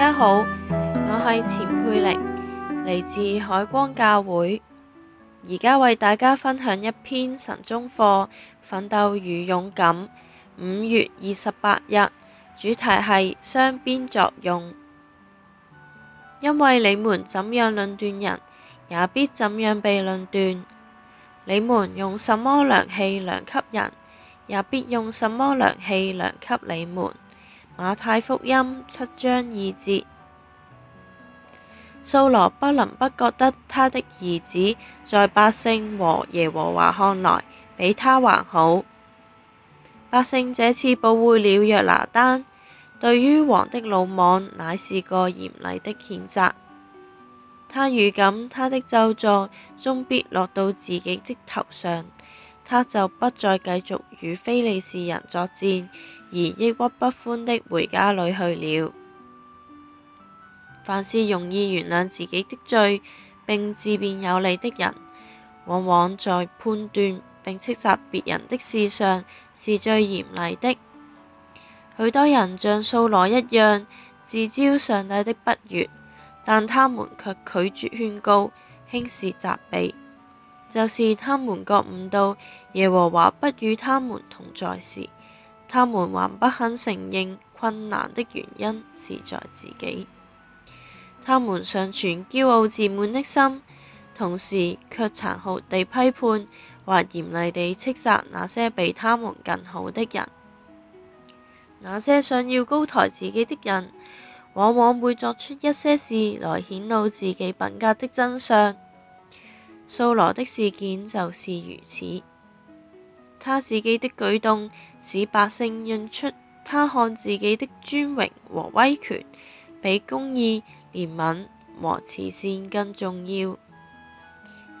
大家好，我係錢佩玲，嚟自海光教會，而家為大家分享一篇神中課《奮鬥與勇敢》五月二十八日，主題係雙邊作用。因為你們怎樣論斷人，也必怎樣被論斷；你們用什麼量器量給人，也必用什麼量器量給你們。馬太福音七章二節，掃羅不能不覺得他的兒子在百姓和耶和華看來比他還好。百姓這次保護了約拿單，對於王的魯莽乃是個嚴厲的譴責。他預感他的咒詛終必落到自己的頭上。他就不再繼續與非利士人作戰，而抑鬱不歡的回家裏去了。凡是容易原諒自己的罪並自辯有利的人，往往在判斷並斥責別人的事上是最嚴厲的。許多人像掃羅一樣自招上帝的不悅，但他們卻拒絕勸告，輕視責備。就是他們覺悟到耶和華不與他們同在時，他們還不肯承認困難的原因是在自己。他們尚存驕傲自滿的心，同時卻殘酷地批判或嚴厲地斥責那些比他們更好的人。那些想要高抬自己的人，往往會作出一些事來顯露自己品格的真相。掃羅的事件就是如此，他自己的舉動使百姓認出他看自己的尊榮和威權比公義、憐憫和慈善更重要。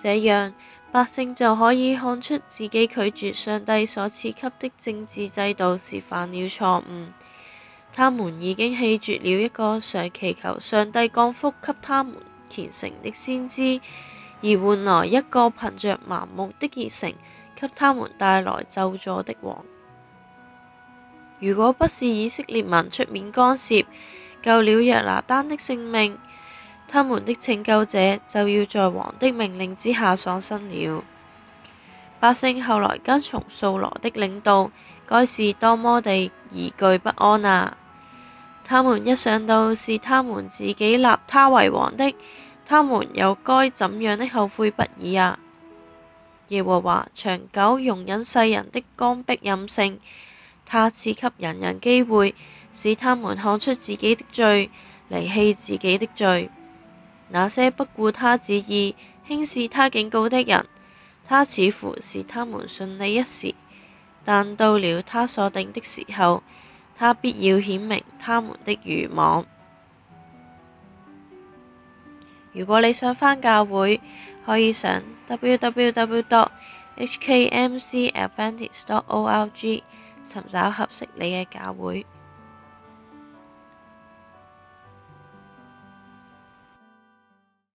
這樣，百姓就可以看出自己拒絕上帝所賜給的政治制度是犯了錯誤，他們已經棄絕了一個常祈求上帝降福給他們虔誠的先知。而換來一個憑著盲目的熱誠給他們帶來咒詛的王。如果不是以色列民出面干涉，救了約拿單的性命，他們的拯救者就要在王的命令之下喪生了。百姓後來跟從掃羅的領導，該是多麼地疑懼不安啊！他們一想到是他們自己立他為王的，他們又該怎樣的後悔不已啊！耶和華長久容忍世人的剛愎任性，他賜給人人機會，使他們看出自己的罪，離棄自己的罪。那些不顧他旨意、輕視他警告的人，他似乎是他們順利一時，但到了他所定的時候，他必要顯明他們的愚妄。如果你想返教會，可以上 www.hkmc.adventist.org 尋找合適你嘅教會。